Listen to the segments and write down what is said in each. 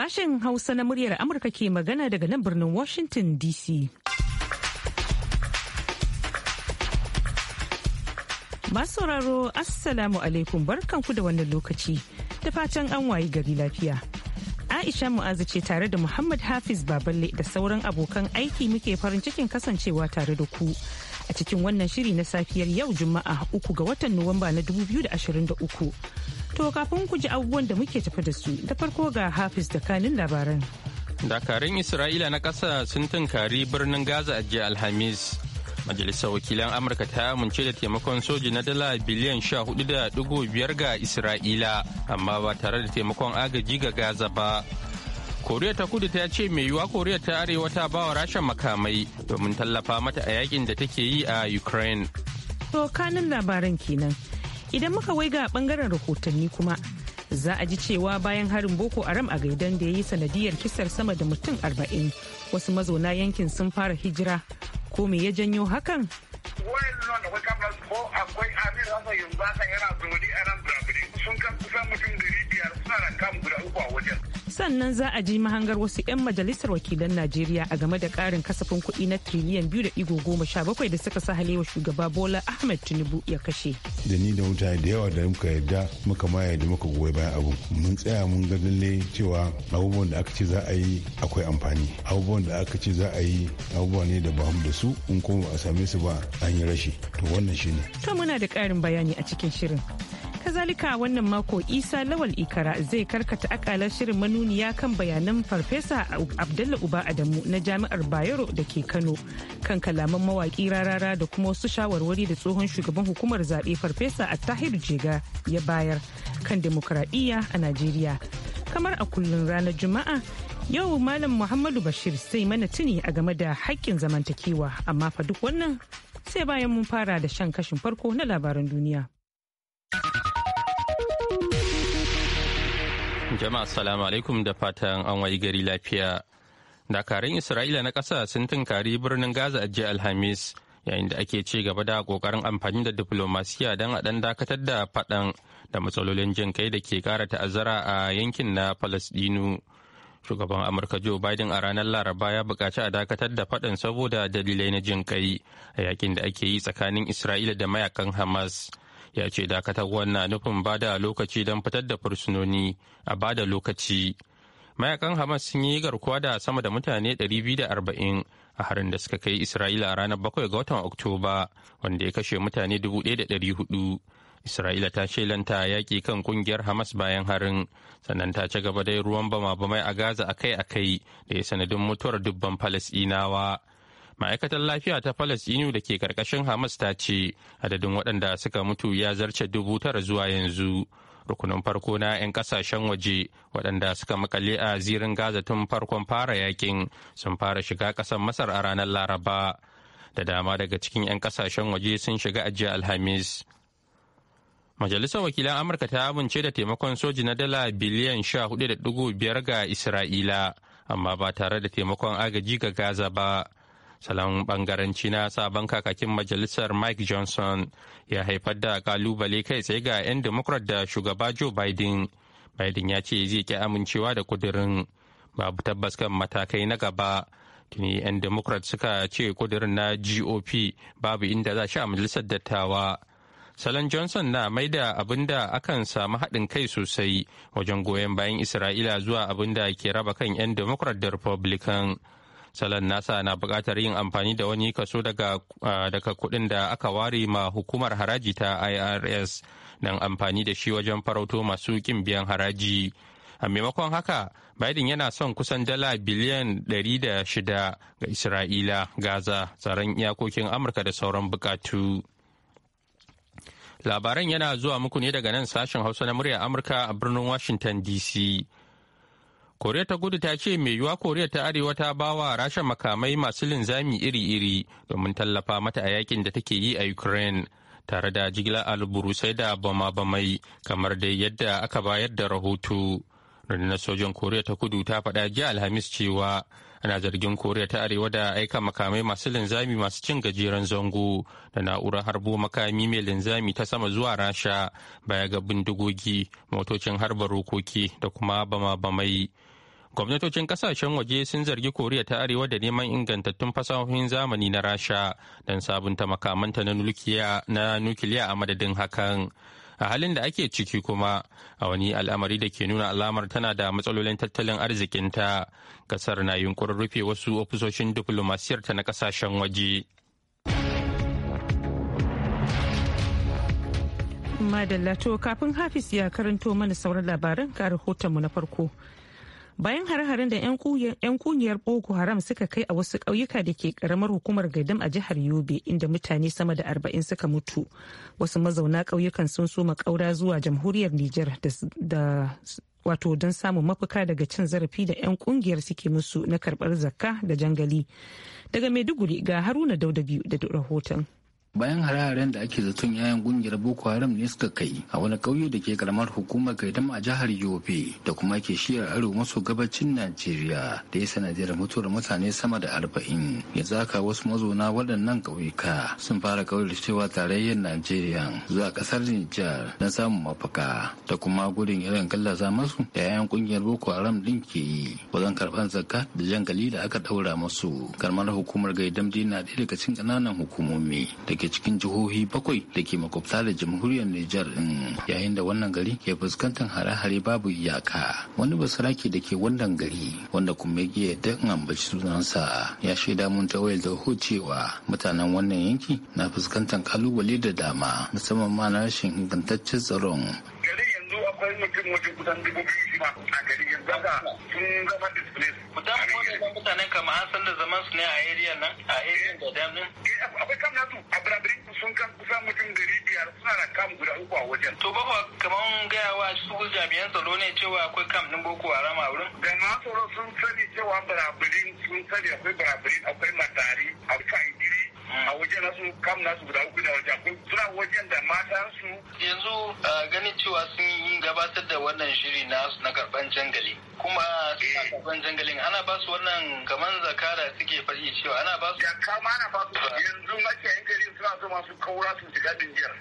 Sashen Hausa na muryar Amurka ke magana daga nan birnin Washington DC. Masu sauraro Assalamu alaikum barkanku da wannan lokaci da fatan an wayi gari lafiya. Aisha Mu'azu ce tare da Muhammad Hafiz Baballe da sauran abokan aiki muke farin cikin kasancewa tare da ku. A cikin wannan shiri na safiyar yau Juma'a uku ga watan Nuwamba na 2023. To kafin ku ji abubuwan da muke tafi da su da farko ga Hafiz da kanin labaran. Dakarun Isra'ila na ƙasa sun tunkari birnin Gaza a jiya Alhamis. Majalisar wakilan Amurka ta amince da taimakon soji na dala biliyan sha hudu da dubu biyar ga Isra'ila amma ba tare da taimakon agaji ga Gaza ba. koriya ta kudu ta ce mai yiwuwa koriya ta arewa ta ba wa rasha makamai domin tallafa mata a yakin da take yi a ukraine to kanin labaran kenan Idan muka waiga bangaren rahotanni kuma za a ji cewa bayan harin Boko Haram a gaidan da ya yi sanadiyar kisar sama da mutum arba'in wasu mazauna yankin sun fara hijira ko me ya janyo hakan? ko akwai sun kan kusan mutum biyar suna da kam guda uku a wajen. sannan za a ji mahangar wasu 'yan majalisar wakilan najeriya a game da karin kasafin kuɗi na tiriliyan biyu da igo goma sha bakwai da suka sa halewa shugaba bola ahmed tinubu ya kashe da ni da mutane da yawa da muka yarda muka ma yarda muka goyi bayan abu mun tsaya mun ga lalle cewa abubuwan da aka ce za a yi akwai amfani abubuwan da aka ce za a yi abubuwa ne da ba mu da su in kuma ba a same su ba an yi rashi to wannan shine to muna da karin bayani a cikin shirin Kazalika wannan mako Isa Lawal Ikara zai karkata akalar shirin manuniya kan bayanan Farfesa Abdalla Uba Adamu na Jami'ar Bayero da ke Kano kan kalaman mawaƙi rarara da kuma wasu shawarwari da tsohon shugaban hukumar zaɓe Farfesa a tahir Jega ya bayar kan demokradiyya a Najeriya. Kamar a kullum ranar Juma'a yau Malam Muhammadu Bashir sai mana tuni a game da haƙƙin zamantakewa amma fa duk wannan sai bayan mun fara da shan kashin farko na labaran duniya. Jama'a salamu alaikum da fatan an wayi gari lafiya. Dakarun Isra'ila na ƙasa sun tunkari birnin Gaza a jiya Alhamis yayin da ake ci gaba da ƙoƙarin amfani da diplomasiya don a dakatar da faɗan da matsalolin jin kai da ke ƙara ta'azzara a yankin na Falasɗinu. Shugaban Amurka Joe Biden a ranar Laraba ya buƙaci a dakatar da faɗan saboda dalilai na jin kai a yakin da ake yi tsakanin Isra'ila da mayakan Hamas. ya ce dakatar na nufin ba da lokaci don fitar da fursunoni a ba da lokaci mayakan hamas sun yi garkuwa da sama da mutane 240 a harin da suka kai isra'ila a ranar 7 ga watan oktoba wanda ya kashe mutane 1,400 isra'ila ta shelanta yaƙi kan ƙungiyar hamas bayan harin sannan ta ci gaba da ruwan bama-bamai a gaza akai-akai da ya sanadin mutuwar dubban falasɗinawa ma'aikatar lafiya ta falasɗinu da ke karkashin hamas ta ce adadin waɗanda suka mutu ya zarce dubu tara zuwa yanzu rukunin farko na 'yan kasashen waje waɗanda suka makale a zirin gaza tun farkon fara yakin sun fara shiga ƙasar masar a ranar laraba da dama daga cikin 'yan kasashen waje sun shiga ajiya alhamis majalisar wakilan amurka ta amince da taimakon soji na dala biliyan biyar ga isra'ila amma ba tare da taimakon agaji ga gaza ba salon bangaranci na sabon kakakin majalisar mike johnson ya haifar da kalubale kai tsaye ga 'yan democrat da shugaba joe biden biden ya ce zai ki amincewa da kudirin babu tabbas kan matakai na gaba tuni 'yan democrat suka ce kudirin na gop babu inda za shi a majalisar dattawa salon johnson na maida abin da akan samu haɗin kai sosai wajen goyon bayan isra'ila zuwa abin da ke raba kan 'yan democrat da republican salon nasa na buƙatar yin amfani da wani kaso daga kuɗin da aka ware ma hukumar haraji ta irs don amfani da shi wajen farauto masu ƙin biyan haraji a maimakon haka biden yana son kusan dala biliyan da shida ga isra'ila gaza tsaron iyakokin amurka da sauran bukatu labaran yana zuwa muku ne daga nan sashen hausa na murya amurka a birnin washington dc koriya ta kudu ta ce mai yiwuwa koriya ta arewa ta bawa rasha makamai masu linzami iri-iri domin tallafa mata a yakin da take yi a ukraine tare da jigilar alburusai da bama-bamai kamar dai yadda aka bayar da rahoto rundunar sojan koriya ta kudu ta faɗa jiya alhamis cewa ana zargin koriya ta arewa da aika makamai masu linzami masu cin gajeren zango da na'urar harbo makami mai linzami ta sama zuwa rasha baya ga bindigogi motocin harba rokoki da kuma bama-bamai gwamnatocin kasashen waje sun zargi koriya ta arewa da neman ingantattun fasahohin zamani na rasha don sabunta makamanta na nukiliya a madadin hakan a halin da ake ciki kuma a wani al'amari da ke nuna alamar tana da matsalolin tattalin arzikinta kasar na yunkurin rufe wasu ofisoshin diflomasiyarta na kasashen waje madalato kafin hafis ya karanto mana sauran labaran ga rahotonmu na farko bayan har-harin da 'yan kungiyar boko haram suka kai a wasu ƙauyuka da ke ƙaramar hukumar gaidam a jihar yobe inda mutane sama da arba'in suka mutu wasu mazauna ƙauyukan sun soma ƙaura zuwa jamhuriyar nijar da wato don samun mafuka daga cin zarafi da 'yan kungiyar suke musu na karbar zakka da jangali daga maiduguri ga haruna biyu da rahoton. bayan hare-haren da ake zaton yayan kungiyar boko haram ne suka kai a wani ƙauye da ke karamar hukumar gaidam a jihar yobe da kuma ke shiyar aro maso gabacin najeriya da ya sanadiyar mutuwar mutane sama da arba'in yanzu zaka wasu mazauna waɗannan ƙauyuka sun fara ƙaurar cewa tarayyar najeriya zuwa ƙasar nijar na samun mafaka da kuma gudun irin gallaza masu da yayan kungiyar boko haram din ke yi wajen karɓar zakka da jangali da aka ɗaura masu karamar hukumar gaidam dina ɗaya daga cikin ƙananan hukumomi da ke cikin jihohi bakwai da ke makwabta da jamhuriyar Nijar din yayin da wannan gari ke fuskantar hare-hare babu iyaka wani basarake da ke wannan gari wanda kuma ya da ambaci sunansa ya shaida mun ta wayar da cewa mutanen wannan yanki na fuskantar kalubale da dama musamman ma na rashin ingantaccen tsaron. Gari mutum wajen kusan dubu biyu shi ma a gari yanzu sun zama Kudan na mutanen an san da zaman su ne a area nan a area da dam eh, Akwai kam a sun kan kusan mutum biyar suna da kam guda uku a wajen. To ba gaya wa su jami'an tsaro ne cewa akwai kam din Boko Haram a wurin. Jami'an tsaro sun sani cewa Brabirin sun sani akwai akwai Matari akwai a wajen nasu kam nasu guda uku da wajen ko suna wajen da matan su yanzu ganin cewa sun yi gabatar da wannan shiri na su na karban jangali kuma suna eh. karban jangalin ana ba su wannan kaman zakara suke faɗi cewa ana ba su ya kama ana ba su yanzu mace su masu su shiga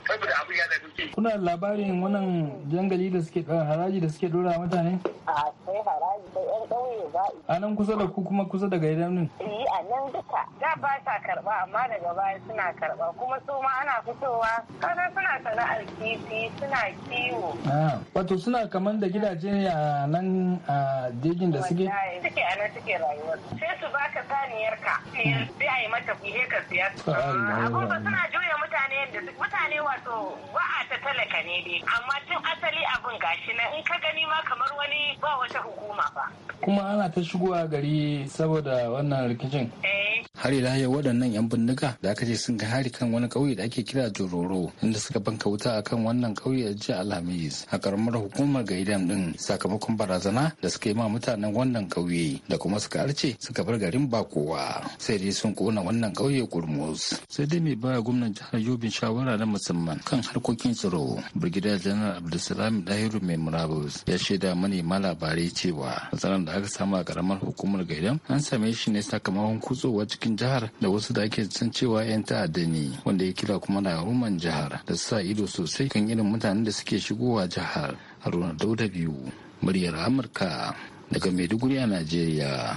saboda abin ya Kuna labarin wannan jangali da suke eh, haraji da suke dora mutane? A sai haraji da yan ƙauye za a nan kusa da ku kuma kusa da gaidan nan? Yi eh, a nan duka. Da ba sa karɓa amma daga baya suna karɓa kuma su ma ana fitowa kana suna sana'ar kifi suna kiwo. Ah, wato suna kamar da gidaje ne a nan a jejin da suke? Suke a nan suke rayuwar. Sai su baka saniyar ka. Hmm. Sai a yi mata kuhe ka siya. abubuwa suna ana juya mutane su mutane wato wa'a ta talaka ne dai amma tun asali abin gashi na in ka gani ma kamar wani ba wata hukuma ba kuma ana ta shigowa gari saboda wannan rikicin eh. har ila yau waɗannan yan bindiga da aka ce sun ga hari kan wani ƙauye da ake kira jororo inda suka banka wuta a kan wannan ƙauye a jiya alhamis a ƙaramar hukumar gaidan din sakamakon barazana da suka yi ma mutanen wannan ƙauye da kuma suka arce suka bar garin ba kowa sai dai sun kona wannan ƙauye kurmus sai dai mai ba gwamnan jihar Yobe shawara na musamman kan harkokin tsaro. Birgida Janar Abdulsalam Dahiru Mai Murabus ya shaida manema labarai cewa matsalar da aka samu a karamar hukumar Gaidan an same shi ne sakamakon kutsowa cikin jihar da wasu da ake san cewa 'yan ta'adda ne wanda ya kira kuma na ruman jihar da sa ido sosai kan irin mutanen da suke shigowa jihar. Haruna Dauda biyu muryar Amurka daga Maiduguri a Najeriya.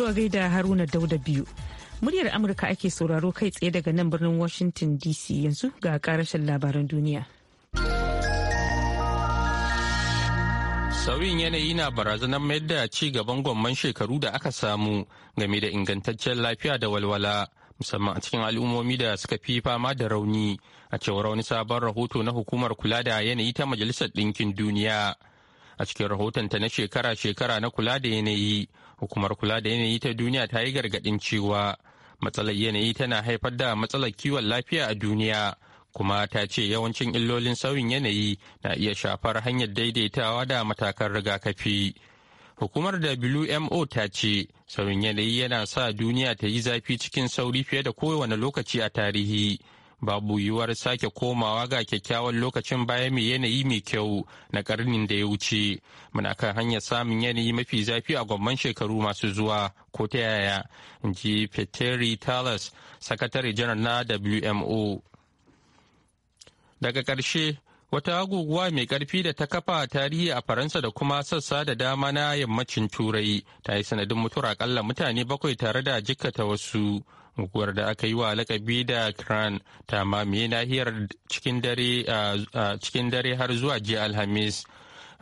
To a gaida Haruna Dauda biyu. Muryar Amurka ake sauraro kai tsaye daga nan birnin Washington DC yanzu ga karashen labaran duniya. Sauyin yanayi na barazanar mayar da ci gaban gwamman shekaru da aka samu game da ingantaccen lafiya da walwala musamman a cikin al'ummomi da suka fi fama da rauni a cewar wani sabon rahoto na hukumar kula da yanayi ta Majalisar Ɗinkin Duniya. A cikin rahotonta na shekara-shekara na kula da yanayi hukumar kula da yanayi ta duniya ta yi gargadin cewa matsalar yanayi tana haifar da matsalar kiwon lafiya a duniya kuma ta ce yawancin illolin sauyin yanayi na iya shafar hanyar daidaitawa da matakan rigakafi hukumar wmo ta ce sauyin yanayi yana sa duniya ta yi zafi cikin sauri fiye da kowane lokaci a tarihi babu yiwuwar sake komawa ga kyakkyawan lokacin bayan mai yanayi mai kyau na karnin da ya wuce muna kan hanyar samun yanayi mafi zafi a gwamman shekaru masu zuwa ko ta yaya ji peteri talas sakatare janar na wmo daga ƙarshe wata guguwa mai karfi da ta kafa tarihi a faransa da kuma sassa da dama na yammacin turai ta yi sanadin mutuwar akalla mutane bakwai tare da jikkata wasu guguwar da aka yi wa lakabi da kran ta mamaye nahiyar cikin dare har zuwa jiya alhamis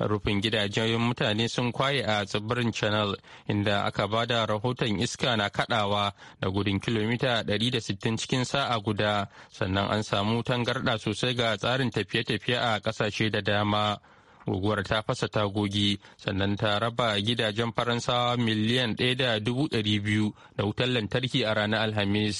rufin gidajen mutane sun kwaye a tsibirin channel inda aka ba da rahoton iska na kadawa da gudun kilomita 160 cikin sa'a guda sannan an samu tangarda sosai ga tsarin tafiye-tafiye a kasashe da dama. guguwar ta fasa tagogi sannan ta raba gidajen faransawa miliyan ɗaya da dubu ɗari biyu da wutar lantarki a ranar alhamis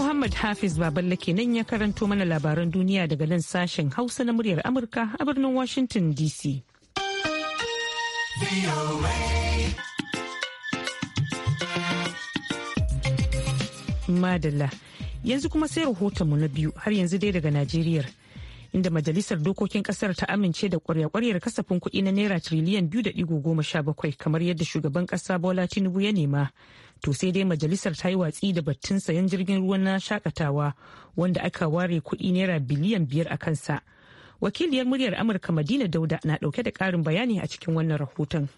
Muhammad Hafiz Baballe kenan ya karanto mana labaran duniya daga nan sashen Hausa na muryar Amurka a birnin Washington DC. Madalla. Yanzu kuma sai rahotonmu na biyu har yanzu dai daga Najeriya. Inda Majalisar Dokokin Kasar ta amince da kwarya-kwaryar kasafin kuɗi na Naira tiriliyan biyu da ɗigo goma sha bakwai kamar yadda shugaban ƙasa Bola Tinubu ya nema. To sai dai majalisar ta yi watsi da batun sayan jirgin ruwa na shakatawa wanda aka ware kuɗi Naira biliyan biyar a kansa. Wakiliyar muryar Amurka Madina Dauda na ɗauke da ƙarin bayani a cikin wannan rahoton.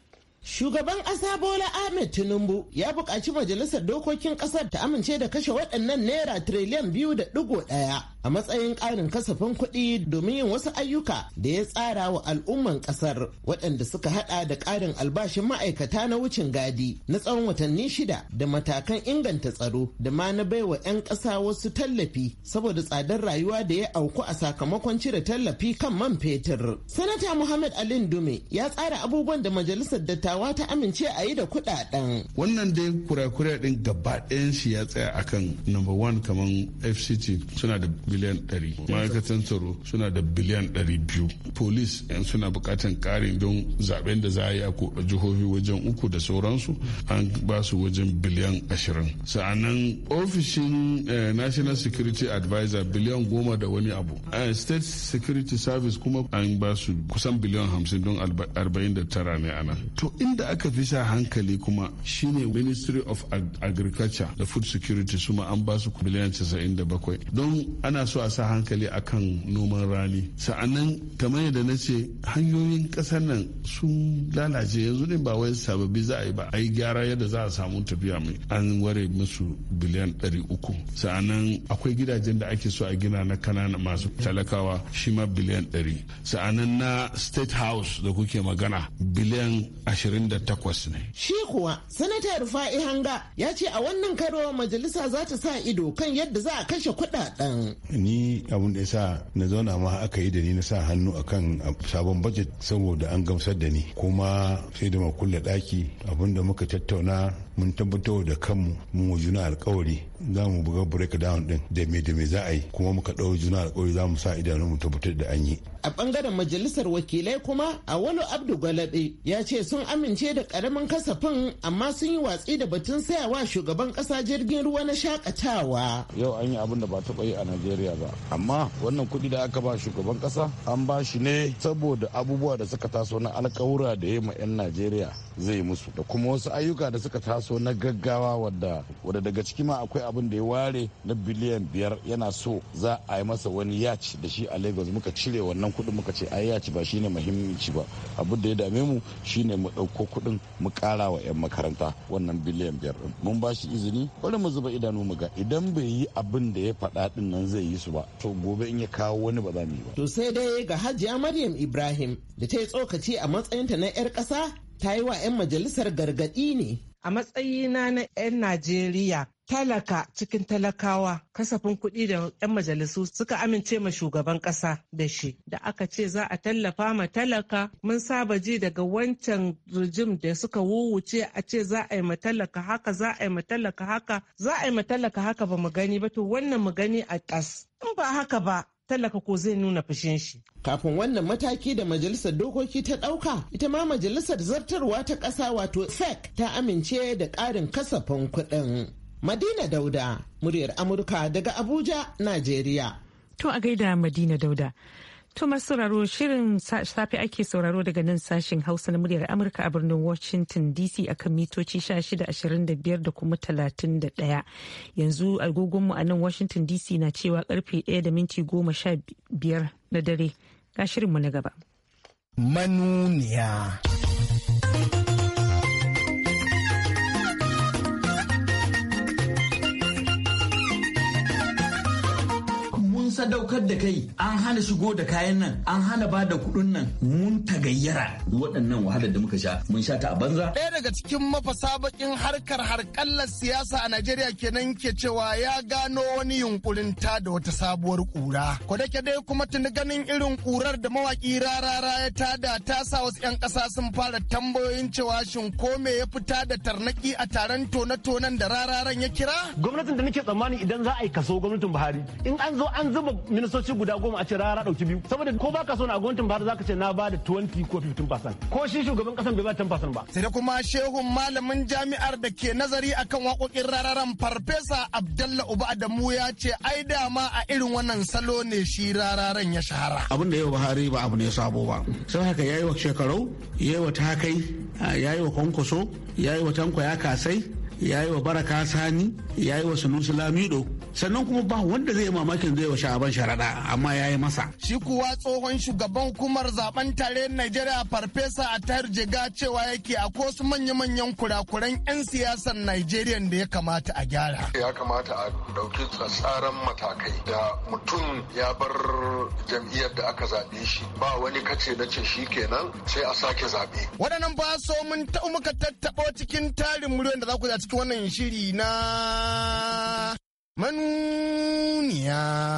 Shugaban ƙasa Bola Ahmed Tinubu ya buƙaci majalisar dokokin ƙasar ta amince da kashe waɗannan naira tiriliyan biyu da ɗigo ɗaya a matsayin ƙarin kasafin kuɗi domin yin wasu ayyuka da ya tsara wa al'umman ƙasar waɗanda suka haɗa da ƙarin albashin ma'aikata na wucin gadi na tsawon watanni shida da matakan inganta tsaro da ma na baiwa 'yan ƙasa wasu tallafi saboda tsadar rayuwa da ya auku a sakamakon cire tallafi kan man fetur. Sanata Muhammad Alin Dume ya tsara abubuwan da majalisar dattawa ta amince a yi da kuɗaɗen. Wannan dai kura-kura ɗin gaba ɗayan shi ya tsaya akan number one kamar FCT suna da biliyan 100 ma'aikatan tsaro suna da biliyan 200 polis yan suna bukatan karin don zaben da za a yi a jihohi wajen uku da sauransu an ba su wajen biliyan 20 sa'anan ofishin eh, national security advisor biliyan goma da wani abu state security service kuma an ba su kusan biliyan 50 don 49 ne ana to inda aka fi sa hankali kuma shine ministry of agriculture da food security suma an ba su biliyan 97 don ana ana so a sa hankali a kan noman rani sa'annan kamar yadda na ce hanyoyin kasar nan sun lalace yanzu ne ba wai sababi za a yi ba a yi gyara yadda za a samu tafiya mai an ware musu biliyan dari uku sa'annan akwai gidajen da ake so a gina na kanana masu talakawa shi ma biliyan ɗari sa'annan na state house da kuke magana biliyan ashirin da takwas ne shi kuwa sanata rufa'i hanga ya ce a wannan karo majalisa za ta sa ido kan yadda za a kashe kuɗaɗen ni abun da ya sa na zauna ma aka yi da ni na sa hannu akan sabon budget saboda an gamsar da ni kuma sai da makulla daki abin da muka tattauna mun tabbatar da kanmu mun wa juna alkawari za mu buga break down din da me da me za a yi kuma muka ɗau juna alkawari za mu sa idanu mu tabbatar da an yi. A bangaren majalisar wakilai kuma a wani Abdu Gwalabe ya ce sun amince da karamin kasafin amma sun yi watsi da batun sayawa shugaban kasa jirgin ruwa na shakatawa. Yau an yi abin da ba taɓa yi a Najeriya ba amma wannan kuɗi da aka ba shugaban kasa an ba shi ne saboda abubuwa da suka taso na alkawura da ya ma 'yan Najeriya zai musu da kuma wasu ayyuka da suka taso so na gaggawa wadda wadda daga ciki ma akwai abin da ya ware na biliyan biyar yana so za a yi masa wani yaci da shi a lagos muka cire wannan kuɗin muka ce ai yaci ba shine muhimmanci ba abin da ya dame mu shine mu ɗauko kuɗin mu ƙara wa 'yan makaranta wannan biliyan biyar mun ba shi izini bari mu zuba idanu mu ga idan bai yi abin da ya faɗa din nan zai yi su ba to gobe in ya kawo wani ba za mu yi ba. to sai dai ga hajiya maryam ibrahim da ta yi tsokaci a matsayinta na 'yar ƙasa ta yi wa 'yan majalisar gargaɗi ne a matsayina na 'yan Najeriya talaka cikin talakawa kasafin kuɗi da 'yan majalisu suka amince ma shugaban ƙasa da shi da aka ce za a tallafa ma talaka mun saba ji daga wancan rijim da suka wuwuce a ce za a yi ma talaka haka za a yi ma talaka haka za a yi ma talaka haka ba mu gani ba to wannan mu gani a ƙas in ba haka ba Tallaka ko zai nuna fushin shi. Kafin wannan mataki da majalisar dokoki ta ɗauka, ita ma majalisar zartarwa ta ƙasa wato SEC ta amince da ƙarin kasafin kuɗin. Madina Dauda, muryar Amurka daga Abuja, Najeriya. To a gaida Madina Dauda. Tumar sauraro shirin safe ake sauraro daga nan sashen Hausa na muryar Amurka a birnin Washington DC a kan mitoci 1625 da kuma 31. Yanzu agogonmu a nan Washington DC na cewa karfe 1 da minti 15 na dare. Ga shirinmu na gaba. Manuniya. sadaukar da kai an hana shigo da kayan nan an hana ba da kuɗin nan mun tagayyara waɗannan wahalar da muka sha mun sha ta a banza. Ɗaya daga cikin mafasa bakin harkar harkallar siyasa a Najeriya kenan ke cewa ya gano wani yunkurin ta da wata sabuwar kura. Ko da dai kuma tuni ganin irin kurar da mawaki rarara ya tada ta sa wasu 'yan ƙasa sun fara tambayoyin cewa shin ko me ya fita da tarnaki a taron tone-tonen da rararan ya kira? Gwamnatin da nake tsammani idan za a yi kaso gwamnatin Buhari in an zo an zuba raba ministoci guda goma a ce rara dauki biyu saboda ko baka so na gwamnatin ba ka ce na ba da 20 ko 15% ko shi shugaban kasan bai ba 10% ba sai da kuma shehun malamin jami'ar da ke nazari akan waƙoƙin rararan farfesa Abdalla Uba Adamu ya ce ai da ma a irin wannan salo ne shi rararan ya shahara abin da yau Buhari ba abu ne sabo ba sai haka yayi wa shekarau yayi wa takai yayi wa kwankwaso yayi wa tanko ya kasai yayi wa baraka sani ya yi wa sunusi lamido sannan kuma ba wanda zai mamakin zai wa sha'aban sharaɗa amma ya yi masa. shi kuwa tsohon shugaban hukumar zaben tare najeriya farfesa a tahir jiga cewa yake a wasu manya-manyan kurakuran 'yan siyasar najeriya da ya kamata a gyara. ya kamata a ɗauki tsatsaran matakai da mutum ya bar jam'iyyar da aka zaɓe shi ba wani kace na ce shi kenan sai a sake zaɓe. waɗannan ba so mun taɓa muka tattaɓo cikin tarin miliyon da za ku a cikin wannan shiri na manuniya.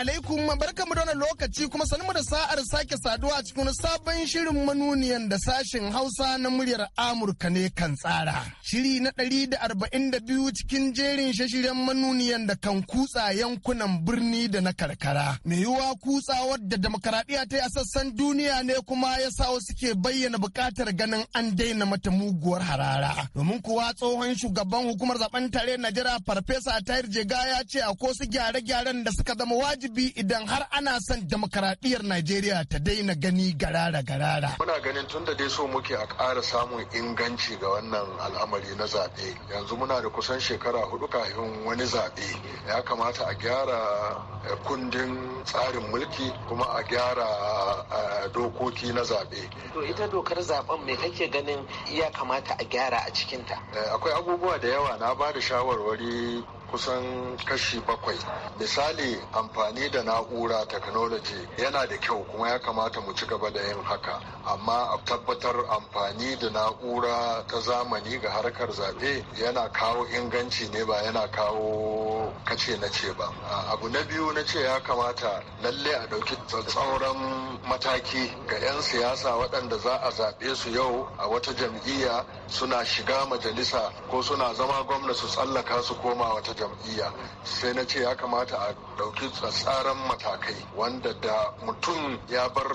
alaikum barkamu da wannan lokaci kuma mu da sa'ar sake saduwa cikin sabon shirin manuniyan da sashen Hausa na muryar Amurka ne kan tsara. Shiri na ɗari da arba'in da biyu cikin jerin shashiren manuniyan da kan kutsa yankunan birni da na karkara. me yiwuwa kutsa wadda demokaradiyya ta yi a sassan duniya ne kuma ya sa wasu ke bayyana buƙatar ganin an daina mata muguwar harara. Domin kuwa tsohon shugaban hukumar zaben tare Najeriya Farfesa tayar Jega ya ce a su gyare-gyaren da suka zama wajibi wajibi idan har ana son demokaradiyyar Najeriya ta daina gani garara-garara. Muna ganin tun da dai so muke a ƙara samun inganci ga wannan al'amari na zaɓe. Yanzu muna da kusan shekara hudu kafin wani zaɓe. Ya kamata a gyara eh, kundin tsarin mulki kuma a gyara eh, dokoki na zaɓe. To ita dokar zaɓen me kake ganin ya kamata a gyara a cikinta? Eh, akwai abubuwa da yawa na ba da shawarwari kusan kashi bakwai misali amfani da na'ura technology yana da kyau kuma ya kamata mu ci gaba da yin haka amma a tabbatar amfani da na'ura ta zamani ga harkar zaɓe yana kawo inganci ne ba yana kawo kace na ce ba abu na biyu na ce ya kamata lalle a ɗauki tsauran mataki ga 'yan siyasa waɗanda za a zaɓe su yau a wata jam'iyya suna shiga majalisa ko suna zama gwamna su tsallaka su koma wata jam'iyya sai na ce ya kamata a ɗauki tsatsaran matakai wanda da mutum ya bar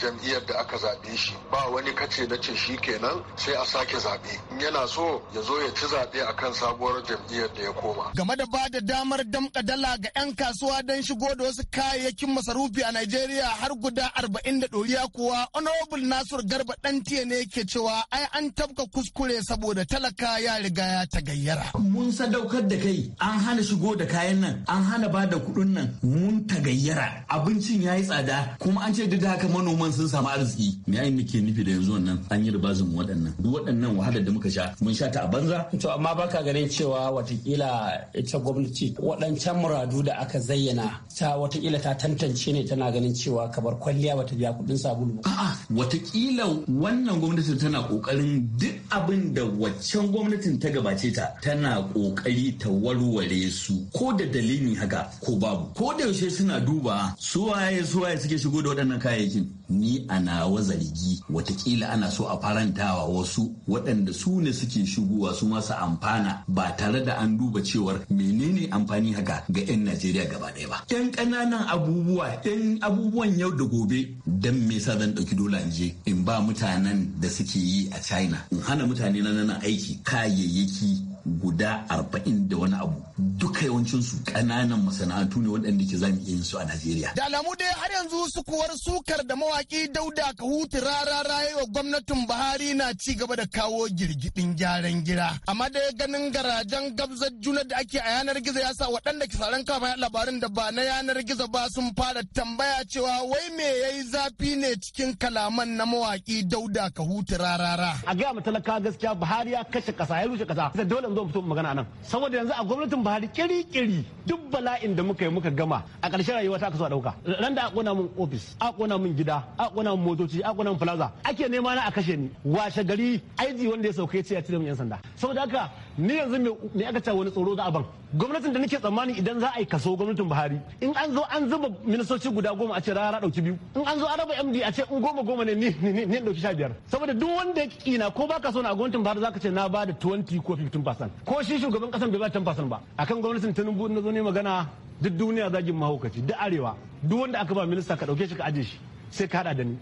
jam'iyyar da aka zaɓe shi ba wani kace na ce shi kenan sai a sake zaɓe yana so ya zo ya ci zaɓe a kan sabuwar jam'iyyar da ya koma. game da ba da damar damƙa dala ga 'yan kasuwa don shigo da wasu kayayyakin masarufi a Najeriya har guda arba'in da ɗoriya kuwa honorable Nasir Garba ɗantiya ne ke cewa ai an tabka kuskure saboda talaka ya riga ya tagayyara. Mun sadaukar da kai an hana shigo da kayan nan an hana ba da kuɗin nan mun tagayyara abincin ya yi tsada kuma an ce duk da haka manoman sun samu arziki me ai muke nufi da yanzu wannan an yi ribazin waɗannan duk waɗannan wahalar da muka sha mun sha ta a banza to amma baka ganin cewa watakila ita gwamnati waɗancan muradu da aka zayyana ta watakila ta tantance ne tana ganin cewa kabar kwalliya bata biya kuɗin sabulu ba a'a watakila wannan gwamnati tana kokarin duk abin da waccan gwamnatin ta gabace ta tana kokari ta war warware su ko da dalili haka ko babu ko da yaushe suna duba su waye suke shigo da waɗannan kayayyakin ni ana nawa zargi watakila ana so a farantawa wasu waɗanda su ne suke shigowa su masu amfana ba tare da an duba cewar menene amfani haka ga 'yan Najeriya gaba ɗaya ba. 'Yan ƙananan abubuwa 'yan abubuwan yau da gobe Dan me yasa zan ɗauki dola in je in ba mutanen da suke yi a China in hana mutane na nan aiki kayayyaki guda arba'in da wani abu duka yawancinsu ƙananan masana'antu ne waɗanda ke zamu iya yin su a Najeriya. Da alamu dai har yanzu sukuwar sukar da mawaƙi Dauda ka huti rarara wa gwamnatin Buhari na ci gaba da kawo girgidin gyaran gida Amma dai ganin garajen gabzar juna da ake a yanar gizo ya sa waɗanda ke saran kafa labarin da ba na yanar gizo ba sun fara tambaya cewa wai me yayi zafi ne cikin kalaman na mawaƙi Dauda huti rarara. A gaya mu talaka gaskiya Buhari ya kashe ƙasa ya rushe ƙasa. zo fito magana nan saboda yanzu a gwamnatin Buhari kiri-kiri duk bala'in da muka yi muka gama a ƙarshen rayuwa ta kaso a ɗauka ran da a kona min ofis a kona gida a kona motoci a kona plaza ake nema na a kashe ni washe gari aiji wanda ya sauke ce ya cire min yan sanda saboda haka ni yanzu me aka ce wani tsoro ga aban gwamnatin da nake tsammani idan za a yi kaso gwamnatin buhari in an zo an zuba ministoci guda goma a ce rara dauki biyu in an zo an raba md a ce in goma goma ne ni ne dauki sha biyar saboda duk wanda ya kina ko baka so na gwamnatin buhari zaka ce na ba da 20 ko 15 ko shi shugaban kasan bai ba 10 ba akan gwamnatin tinubu na zo ne magana duk duniya zagin mahaukaci duk arewa duk wanda aka ba minista ka dauke shi ka aje shi sai ka hada da ni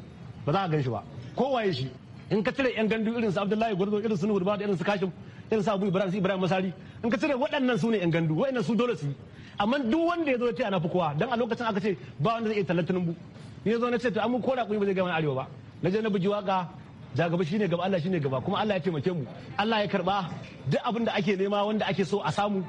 ba za ka gan shi ba waye shi in ka cire yan gandu irin su abdullahi gwarzo irin su nuhu da irin su kashim irin sa bu Ibrahim Ibrahim Masari in ka cire waɗannan su ne yan gandu waɗannan su dole su amma duk wanda ya zo ta ce ana fukuwa dan a lokacin aka ce ba wanda zai iya tallar bu ni ya zo na ce to amma ko da kun ba zai gama arewa ba na je na buji waka jagaba shine gaba Allah shine gaba kuma Allah ya taimake mu Allah ya karba duk abin da ake nema wanda ake so a samu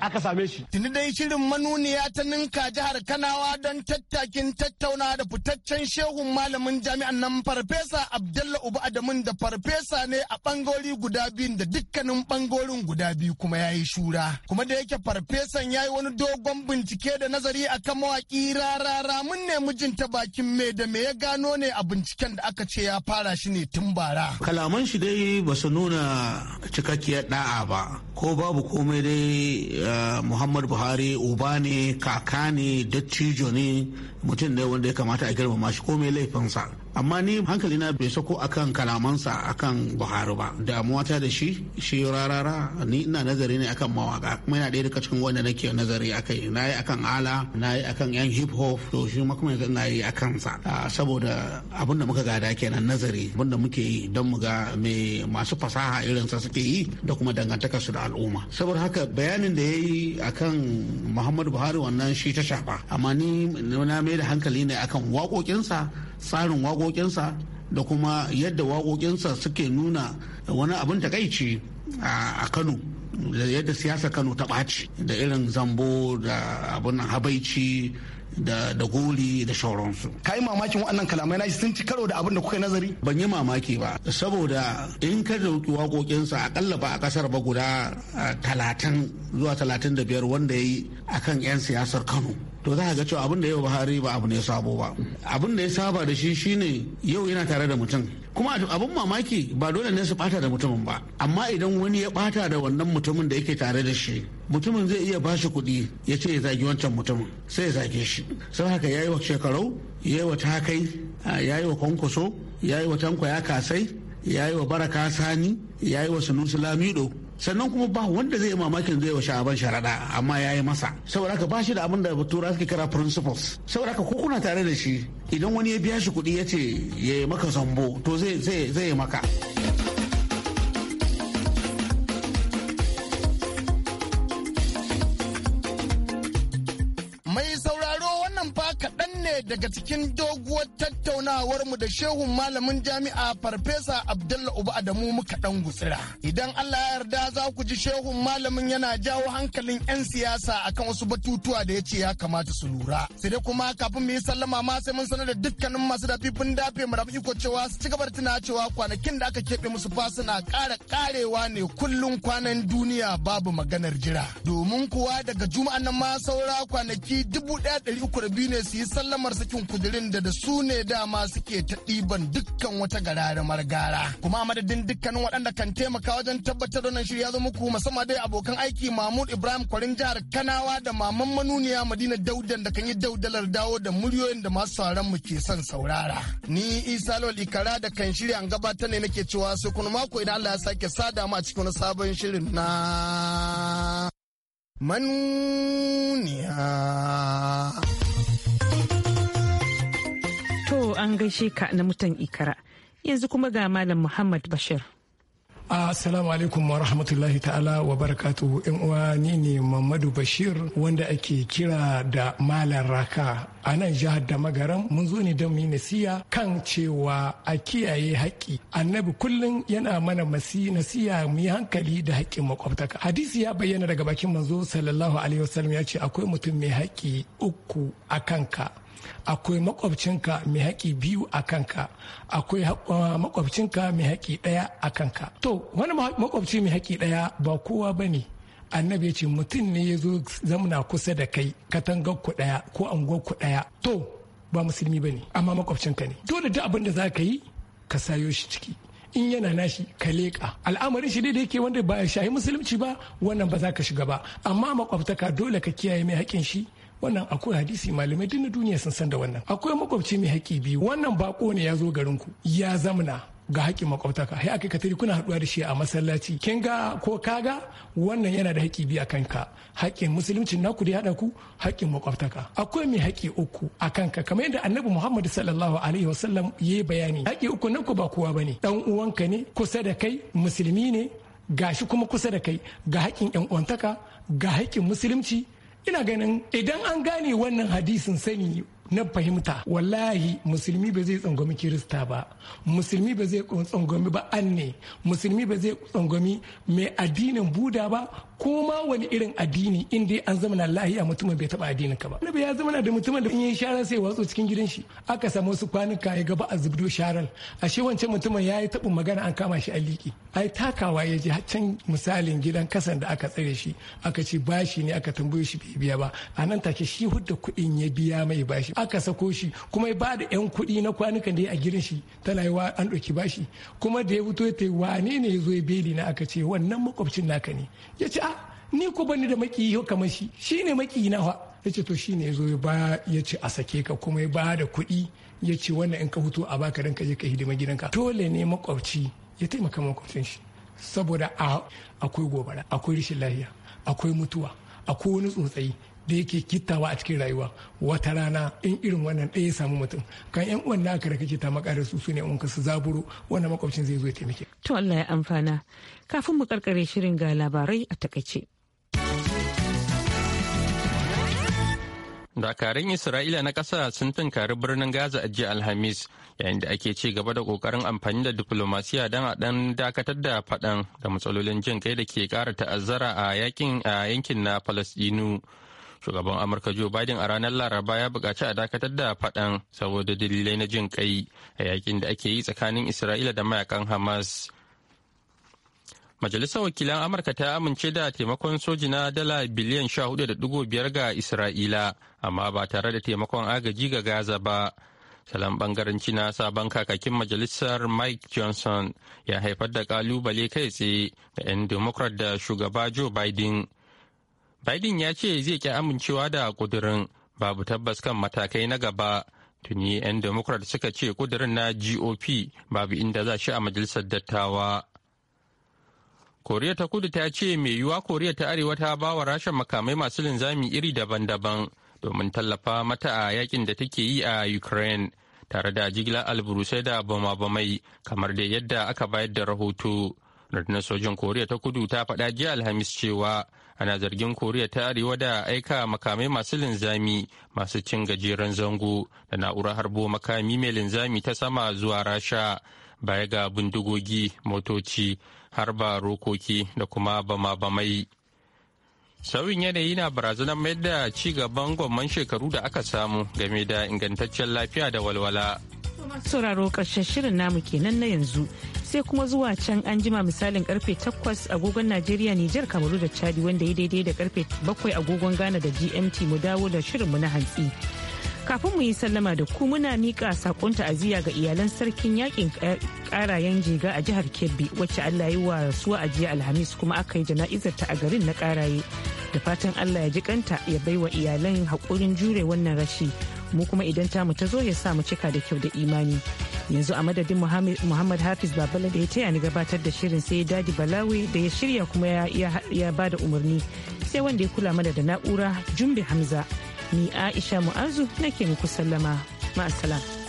aka same shi. Tuni dai shirin manuniya ta ninka jihar Kanawa don tattakin tattauna da fitaccen shehun malamin jami'an nan farfesa Abdullahi Uba Adamun da farfesa ne a bangori guda biyun da dukkanin bangorin guda biyu kuma ya yi shura. Kuma da yake farfesan ya yi wani dogon bincike da nazari a kan mawaƙi rarara mun ne mijinta bakin me da me ya gano ne a binciken da aka ce ya fara shi ne tun bara. Kalaman shi dai ba su nuna cikakkiyar da'a ba ko babu komai dai muhammadu buhari uba ne kaka ne dattijo ne mutum ne wanda ya kamata a girmama shi komai laifinsa amma ni hankali na bai sako akan kalamansa akan buhari ba damuwa ta da shi shi rarara ni ina nazari ne akan mawaka kuma yana ɗaya daga cikin wanda nake nazari akai na yi akan ala na yi akan yan hip hop to shi ma kuma yanzu na yi akan sa saboda abin da muka gada kenan nazari abin da muke yi don mu ga me masu fasaha irin sa suke yi da kuma dangantaka su da al'umma saboda haka bayanin da ya yi akan muhammadu buhari wannan shi ta shafa amma ni na mai da hankali ne akan waƙoƙinsa tsarin waƙoƙinsa da kuma yadda waƙoƙinsa suke nuna wani abin takaici a kano da yadda siyasa kano ta ɓaci da irin zambo da abin habaici da goli da shauransu ka yi mamakin waɗannan kalamai sun ci karo da abin da kuka nazari ban yi mamaki ba saboda in ka dauki waƙoƙinsa akalla ba a ƙasar ba guda talatin zuwa talatin da biyar wanda ya yi akan 'yan siyasar kano to za a ga cewa abin da yau Buhari ba abu ne sabo ba abin da ya saba da shi shine yau yana tare da mutum kuma abin mamaki ba dole ne su bata da mutumin ba amma idan wani ya bata da wannan mutumin da yake tare da shi mutumin zai iya bashi kuɗi ya ce ya zagi wancan mutumin sai ya zage shi sai haka ya wa shekarau ya wa takai ya wa kwankwaso ya yi wa tankwa ya kasai ya wa baraka sani ya yi wa sunusu lamido sannan kuma ba wanda zai yi mamakin zai wa sha'aban sharaɗa amma ya yi masa saboda haka ba shi da abin da tura suke kira principles saboda haka ko kuna tare da shi idan wani ya biya shi kuɗi ya ce ya yi maka zambo to zai yi maka. daga cikin doguwar tattaunawar mu da shehun malamin jami'a farfesa Abdullah Uba Adamu muka dan gutsira. Idan Allah ya yarda za ku ji shehun malamin yana jawo hankalin 'yan siyasa akan wasu batutuwa da ya ce ya kamata su lura. Sai dai kuma kafin mu yi sallama ma sai mun sanar da dukkanin masu dafifin dafe mu rabu iko cewa su ci gaba da tuna cewa kwanakin da aka keɓe musu fa suna ƙara ƙarewa ne kullum kwanan duniya babu maganar jira. Domin kuwa daga juma'an nan ma saura kwanaki dubu ɗaya ɗari uku da biyu ne su yi sallamar su cikin kudirin da da su ne dama suke ta ɗiban dukkan wata gararamar gara. Kuma madadin dukkanin waɗanda kan taimaka wajen tabbatar da wannan shirya ya zo muku musamman dai abokan aiki Mahmud Ibrahim Kwarin jihar Kanawa da Maman Manuniya Madina Daudan da kan yi daudalar dawo da muryoyin da masu sauran mu ke son saurara. Ni Isa lol Ikara da kan shirya an gabatar ne nake cewa sai kuma mako idan Allah ya sake sa mu a cikin wani sabon shirin na manuniya. an gaishe ka na mutan ikara. Yanzu kuma ga Malam Muhammad Bashir. Assalamu alaikum wa rahmatullahi ta'ala wa barakatuhu in uwa ni ne Muhammadu Bashir wanda ake kira da Malam Raka a nan jihar da magaran mun zo ne don mu nasiya kan cewa a kiyaye haƙƙi annabi kullum yana mana masi nasiya mu yi hankali da haƙƙin makwabtaka hadisi ya bayyana daga bakin manzo sallallahu alaihi wasallam ya ce akwai mutum mai haƙƙi uku a kanka akwai makwabcinka mai haƙi biyu a kanka akwai uh, makwabcinka mai haƙi ɗaya a kanka to wani makwabci mai haƙi ɗaya ba kowa ba ne annabi ce mutum ne ya zo zamna kusa da kai katangar ku ɗaya ko angon ku ɗaya to ba musulmi ba ne amma makwabcinka ne dole duk abin da za ka yi ka sayo shi ciki in yana nashi ka leƙa al'amarin shi da yake wanda ba ya shahi musulunci ba wannan ba za ka shiga ba amma makwabtaka dole ka kiyaye mai haƙin shi wannan akwai hadisi malamai duk na duniya sun san da wannan akwai makwabci mai haƙƙi biyu wannan bako ne ya zo garin ku ya zamana ga haƙƙin makwabtaka sai aka tari kuna haɗuwa da shi a masallaci kin ga ko ka ga wannan yana da haƙƙi biyu akan ka haƙƙin musulunci naku da haɗa ku haƙƙin makwabtaka akwai mai haƙƙi uku akan ka kamar yadda annabi Muhammad sallallahu alaihi wasallam yi bayani haƙƙi uku naku ba kowa ba ne. Ɗan uwanka ne kusa da kai musulmi ne gashi kuma kusa da kai ga haƙƙin yan uwantaka ga haƙƙin musulunci ina ganin idan an gane wannan hadisin sani na fahimta wallahi musulmi ba zai tsangwami kirista ba musulmi ba zai tsangwami ba ne musulmi ba zai tsangwami mai addinin buda ba ko ma wani irin addini in dai an zama lahiya mutumin bai taba addinin ka ba annabi ya zama da mutumin da in yi sharar sai watsu cikin gidan shi aka samu wasu kwanuka ya gaba a zubdo sharar A ashe wancan mutumin ya yi taɓin magana an kama shi a liƙi ai takawa ya ji can misalin gidan kasan da aka tsare shi aka ce bashi ne aka tambaye shi bai biya ba a nan take shi hudda kuɗin ya biya mai bashi aka sako shi kuma ya ba da yan kuɗi na kwanukan da ya a gidan shi tana yi wa an ɗauki bashi kuma da ya fito ya ta wane ne ya zo ya beli na aka ce wannan makwabcin naka ne ya ce ni ko bani da makiyi kamar shi shine makiyi na fa ce to shine zo ya ba ya ce a sake ka kuma ya ba da kuɗi ya ce wannan in ka hutu a baka dan ka je ka hidima gidanka dole ne makwabci ya taimaka makwabcin shi saboda akwai gobara akwai rashin lafiya akwai mutuwa akwai wani tsuntsayi da yake kittawa a cikin rayuwa wata rana in irin wannan ɗaya ya samu mutum kan yan uwan naka da kake ta makare su su ne in ka su zaburo wannan makwabcin zai zo ya taimake. to Allah ya amfana kafin mu karkare shirin ga labarai a takaice. dakarun isra'ila na ƙasa sun tunkari birnin gaza a jiya alhamis yayin da ake ci gaba da ƙoƙarin amfani da diplomasiya don a ɗan dakatar da faɗan da matsalolin jin kai da ke ƙara ta'azzara a yakin a yankin na falasɗinu shugaban amurka joe biden a ranar laraba ya buƙaci a dakatar da faɗan saboda dalilai na jin kai a yakin da ake yi tsakanin isra'ila da mayakan hamas Majalisar Wakilan Amurka ta amince da taimakon soji na dala biliyan biyar ga Isra'ila, amma ba tare da taimakon agaji ga Gaza ba. Salon bangaranci na sabon kakakin majalisar Mike Johnson ya haifar da kalubale kai tsaye ga 'yan Democrat da shugaba Joe Biden. Biden ya ce zai ki amincewa da kudurin babu tabbas kan matakai na gaba. Tuni 'yan Democrat suka ce kudurin na GOP babu inda za shi a majalisar dattawa. koriya ta kudu ta ce mai yiwuwa koriya ta arewa ta ba wa rasha makamai masu linzami iri daban-daban domin tallafa mata a yakin da take yi a ukraine tare da jigilar alburusai da bama-bamai kamar da yadda aka bayar da rahoto rundunar sojin koriya ta kudu ta faɗa jiya alhamis cewa ana zargin koriya ta arewa da aika makamai masu linzami masu cin gajeren zango da na'urar harbo makami mai linzami ta sama zuwa rasha baya ga bindigogi motoci harba rokoki da kuma bama-bamai sauyin yanayi na barazanar mayar da ci gaban gwamman shekaru da aka samu game da ingantaccen lafiya da walwala sauraro ƙarshen shirin namu kenan na yanzu sai kuma zuwa can an jima misalin karfe 8 agogon najeriya nijar kamaru da chadi wanda ya daidai da karfe 7 agogon ghana da gmt mu dawo da shirin mu na hantsi kafin mu yi sallama da ku muna mika sakon ta'aziyya ga iyalan sarkin yakin karayen jiga a jihar kebbi wacce allah yi wa rasuwa a jiya alhamis kuma aka yi jana'izar ta a garin na karaye da fatan allah ya ji kanta ya bai wa iyalan haƙurin jure wannan rashi mu kuma idan tamu ta zo ya sa mu cika da kyau da imani yanzu a madadin muhammad hafiz babala da ya taya ni gabatar da shirin sai dadi balawi da ya shirya kuma ya bada umarni sai wanda ya kula mana da na'ura jumbe hamza ni aisha mu'azu nake muku sallama ma'asala.